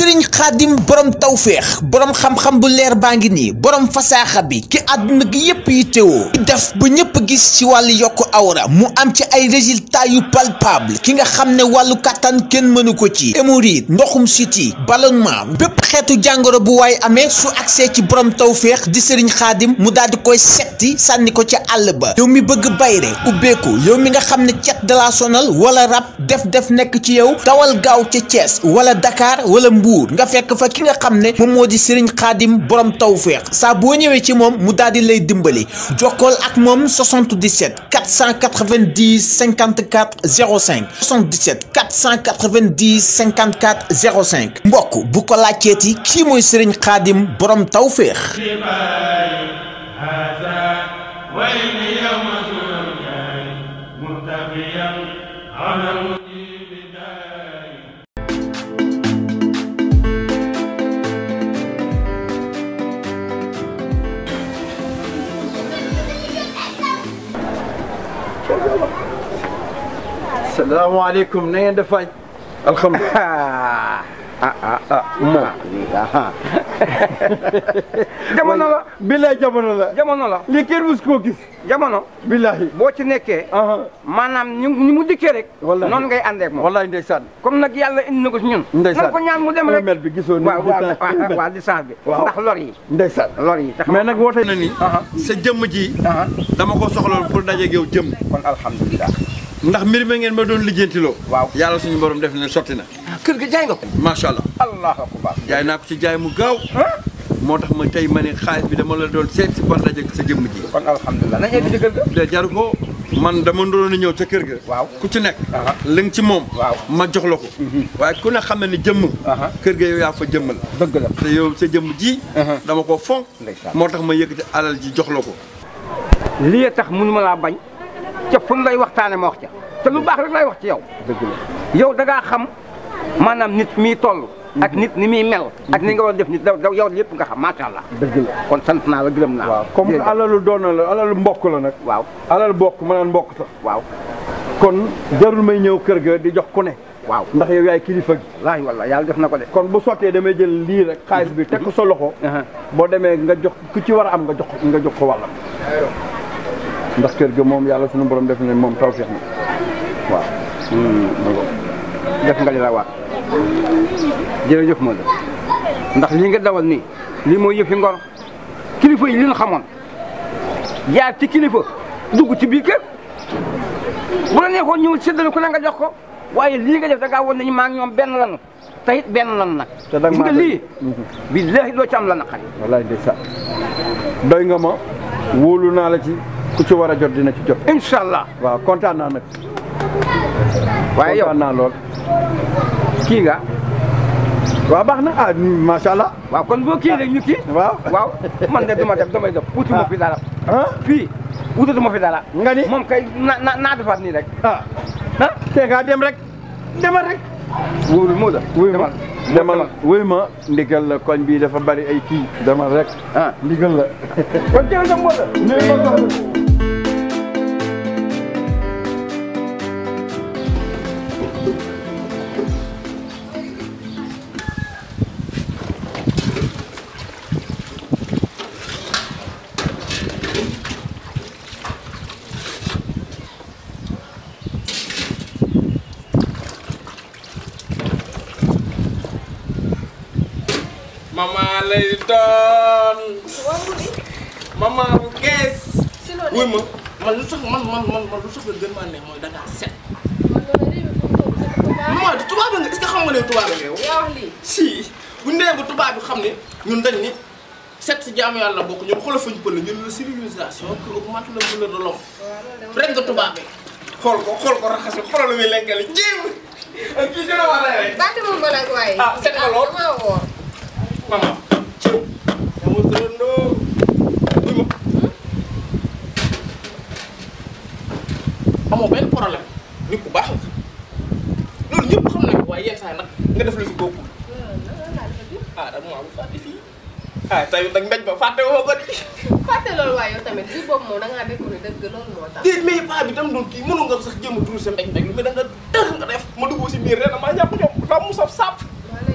sëriñ xaadim borom tawféex borom xam-xam bu leer baa ngi nii borom fasaaxa bi ki àdduna gi yépp yi teewoo def ba ñëpp gis ci wàllu yokk awra mu am ci ay résultats yu palpable ki nga xam ne wàllu kàttan kenn mënu ko ci hémorroïde ndoxum siti ballonnement xeetu jàngoro bu waaye amee su agsee ci borom tawféex di sëriñ xaadim mu daal di koy setti sànni ko ca àll ba yow mi bëgg bayre ubbeeku yow mi nga xam ne cet dalaa sonal wala rab def def nekk ci yow dawal gaaw ca Thiès wala Dakar wala Mbuur nga fekk fa ki nga xam ne moom moo di sëriñ xaadim borom tawféex saa boo ñëwee ci moom mu daal di lay dimbali jokkool ak moom 77 490 54 05 77 490 54 05 mbokk bu ko laajtee ci ki moy serigne xaadim borom tawfiq السلام عليكم نين دفاي الخمر ah ah ah moom jamono la billaay jamono la jamono la lii kenn mus koo gis jamono billaahi boo ci nekkee maanaam ni mu dikkee rek noonu ngay àndee ak moom wallaay ndeysaan comme nag yàlla indi na ko si ñun ndeysaan ko ñaan mu dem rek mel bi gisoo ni waaw distance bi ndax lor yi ndeysaan lor yi mais nag woote na ni sa jëmm ji dama ko soxloon pour dajeeg yow jëmm kon alhamdulilah ndax mbir ma ngeen ma doon lo waaw yalla suñu borom def na soti na ah, keur ga jay nga ko ma sha allah allahu akbar jay na ko ci jay mu gaw motax ma tay mané ne bi dama la doon set ci ban daje ci jëmm ji kon alhamdullah na ngeen di deugal ga de jaru ko man dama doon ñew ci keur ga waaw ku ci nek li ci mom waaw ma jox lako ko mhm. waaye ku ne xamé ni jëmm keur ga yow ya fa jëmmal deug la te yow ci jëmm ji dama ko fonk motax tax ma yëkkati alal ji jox lako li tax tax ma la bañ ca fu mu lay waxtaane ma wax ca te lu baax rek lay wax ci yow dëgg la yow da xam maanaam nit mi toll ak nit ni muy mel ak ni nga war def nit daw yow lépp nga xam macha allah dëgg la kon sant naa la gërëm naa waaw comme alalu doona la alalu mbokk la nag waaw alalu bokk ma naan mbokk sax waaw kon jarul may ñëw kër ga di jox ku ne waaw ndax yow yaay kilifa gi wallaahi wallaahi yàlla def na ko de kon bu sottee damay jël lii rek xaalis bi teg ko sa loxo uh-huh. boo demee nga jox ku ci war a am nga jox nga jox ko wàllam ndax kër ga moom yàlla sunu borom def na moom taw feex na waaw. Hmm, def nga li la waat jërëjëf ma la ndax lii nga dawal ni lii mooy yëfi ngor kilifa yi li xamoon jaar ci kilifa dugg ci biir kër bu la neexoon ñëw séddale ku ne nga jox ko waaye lii nga def da ngaa woon nañu ñoom benn lanu te benn lan nag. te danga maa lii. billaahi doo ci am la naqari. walaay nga ma wóolu naa la ci. ku ci war a jot dina ci jot. incha allah waaw kontaan naa nag. waaye yow kontaan naa lool. kii nga. waaw baax na ah macha allah. waaw kon boo kii rek ñu kii. waaw waaw man de duma def damay def uti ma fi dara. ah fii utatu ma fi dara. nga ni moom kay na na naa defaat nii rek. ah ah tey dem rek demal rek. wóorul Mawla demal demal wuy ma ndigal la koñ bii dafa bari ay kii demal rek ah ndigal la kon jël sa mbooloo. mama lay doon. mama bu gees. wuy ma man lu tax man man man man lu tax la gën ne mooy da set. man du tubaab nga xam nga ne tubaab nga bi xam ne ñun dañ ni set si jaamu yàlla bokk ñun xoolal fañ pël ñun la civilisation que augmente le bonheur de l'homme rek nga tubaab bi xool ko xool ko raxas bi xoolal mi lekkale jéem kii gën a war a rek. bàtt moom ma nag mama ciw sama turandoo buy ma amoo benn problème nit ku baax la loolu ñëpp xam nañu waaye yenn saa nag nga def lu ci bokkul ah da maa fàtte fii ah tey nag mbéj ba fàtte woo ko di fàtte loolu waaye yow tamit lii boobu moom da ngaa déggoo ne dëgg loolu moo tax déet mais bi tam doon kii mënu nga sax jéem a duru sa mbéj mbéj lu mais da nga nga def ma dugg si biir ren maa jàpp ñoom lam mu saf sàpp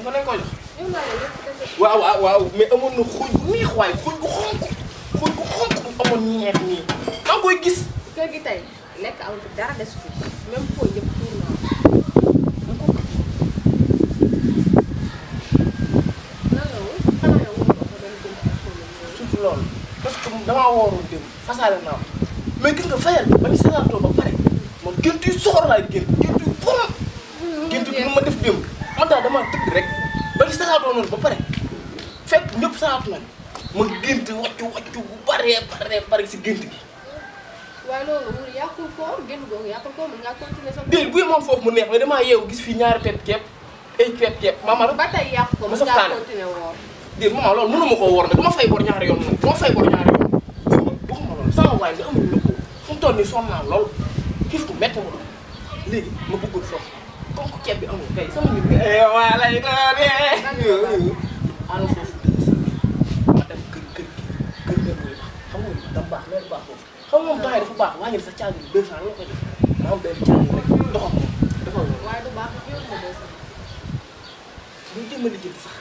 mën nañu koo waaw waaw waaw mais amoon na xuñ bu neex waaye xuñ bu xonk bu xonk bu amoon nii. da koy gis. kër gi tey lekk am dara desu fi même fooy parce que damaa wóorul dem fasaale naa ko mais gis nga fayal ba ñu salaatoo ba pare moom gént yu soxor laay gént gént yu borom gént yu ma def démb man damaa tëdd rek ba li salaatoo noonu ba ma gént wàccu wàccu bu baree baree bare si gént gi. waaw loolu wóor yàqul koor gént googu foofu mu neex mais damaa yeewu gis fii ñaari pepp kepp ay pepp kepp maama. ba tey yàqu ko mën ngaa ma ma fay ma fay bor ñaari yoon. ma bëggul foofu kooku ceeb bi amul kay sama nit waa lay doonee. allo foofu ma dem kër kër kër kër gi xam nga ni dafa baax loolu baax foofu xam nga moom doxee dafa baax waa ngi sa caag bi 200 la ko def ma am benn caag rek doxam ko dafa waaye du baax yow ma 200. buñ jëmale jënd sax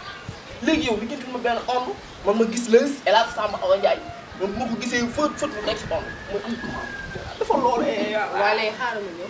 léegi yow li jënd ma benn omb man ma gis lës El Hadj Samba Awa Ndiaye man bu ma ko gisee fët fët mu nekk si omb mooy am dafa loolu. Eh, eh, eh, waaw waaye xaaral ma ñëw.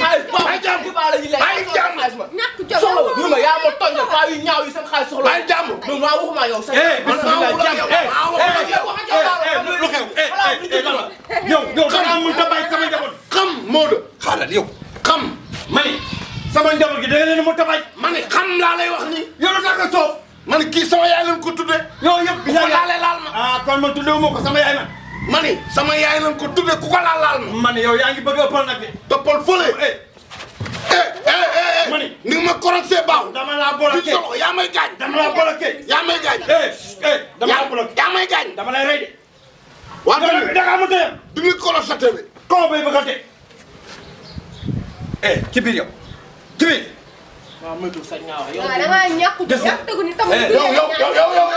xaalis paa ay jàmm ay jàmm soxla ma ma yaa ma tonja paa yu ñaaw yi seen xaalis soxla ay jàmm non maa waxuma yow sax eh, man maa waxuma yow maa eh, waxuma eh, lu xew yow yow ta bàyyi sama xam Maodo xaaral yow xam mani sama njaboot gi da nga xam laa lay wax ni yow da nga soof man kii sama yaay leen ko tudde yow yëpp bi laa laal ma ah kon man tudde wu ko sama yaay man ma ni sama yaay lañ ko tudde ku ko laal laal ma. ma ni yow yaa ngi bëgg a ëppal nag de. toppal fële. Eh. Eh, eh, ma ni ni nga ma coronsé baaxul. dama laa bloqué ci solo yaa may gaañ. dama laa bloqué. yaa may gaañ. dama laa gaañ. dama lay rey de. waa tamit da nga am teyam. du ñu coronsé bi. kaw bay bëgg a waaw moytu sañ nga wax yow. waaw da ngaa ñàkk ñàkk yow yow yow yow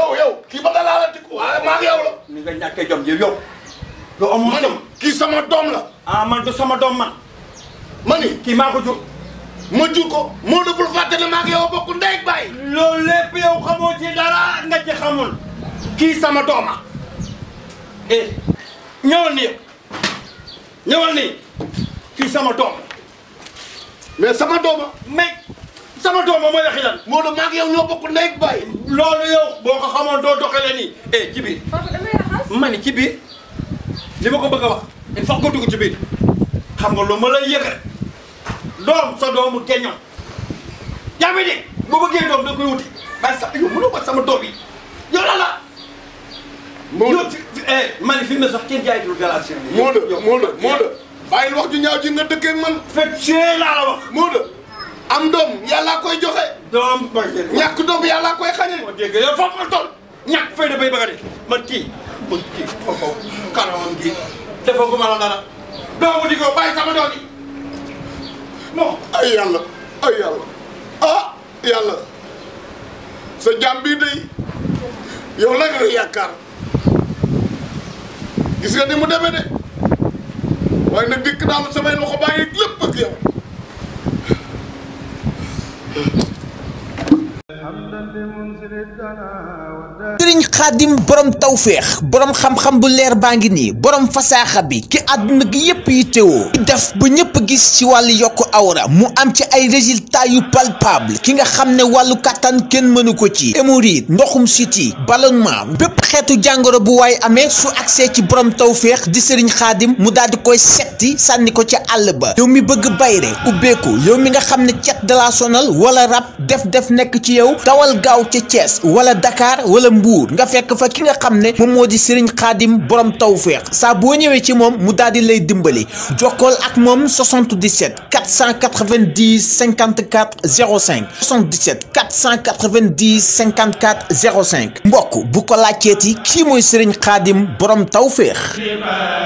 yow yow kii ba nga laalati ko waaye maa ngi yow la. ni nga kii sama doom la. ah man du sama doom man. ma ni kii maa jur. ma jur ko moo dëppul fàtte ne maa ngi yow bokk ndey ak baay. loolu lépp yow xamoo ci dara nga ci xamul. kii sama dooma eh ñëwal nii ñëwal nii kii sama doom. mais sama dooma mais sama dooma mooy waxi lan. Modou maa ngi yow ñoo bokk ndey ak baay. loolu yow boo ko xamoon doo doxalee nii. eh ci biir. papa ni ci biir li ma ko bëgg a wax il faut nga dugg ci biir xam nga lu ma lay yëgal doom sa doomu geñoom yaa ngi dégg bu bëggee doom da koy wuti waaye sax yow mënoo ko sama doom yi yow la la. Modou yow fi fi eh, bayil wax ju ñaaw ji nga ak man. feccee ci la wax. moo de am dom yalla koy joxe. dom bëggee ñak dom yalla koy xagne mo dégg yow fa la tol ñak fay da bay bëgg man ki man kii foofu kanamam gi dafa ko ma la dara doomu di ko bay sama dom gi mo ay yalla ay yalla ah yalla sa jambi de yow la nga yakkar gis nga ni mu demee de. waaye nag dikk daal samay loxo bàyyi lépp ak yow sëriñ xaadim borom tawféex borom xam-xam bu leer baa ngi nii borom fasaaxa bi ki àdduna gi yépp yi teewoo def bu ñëpp gis ci wàllu yokku awra mu am ci ay résultats yu palpable ki nga xam ne wàllu kàttan kenn mënu ko ci hémorroïde ndoxum siti ballonnement bépp xeetu jàngoro bu waaye amee su accès ci borom tawféex di sëriñ xaadim mu daal koy setti sànni ko ca àll ba yow mi bëgg bayre ubbeeku yow mi nga xam ne cet da la sonal wala rab def def nekk ci yow dawal fekk fa ki nga xamne mom modi serigne khadim borom tawfiq sa bo ñewé ci mom mu daal di lay dimbali jokol ak mom 77 490 54 05 77 490 54 05 mbokk bu ko laajteeti ki moy serigne khadim borom tawféex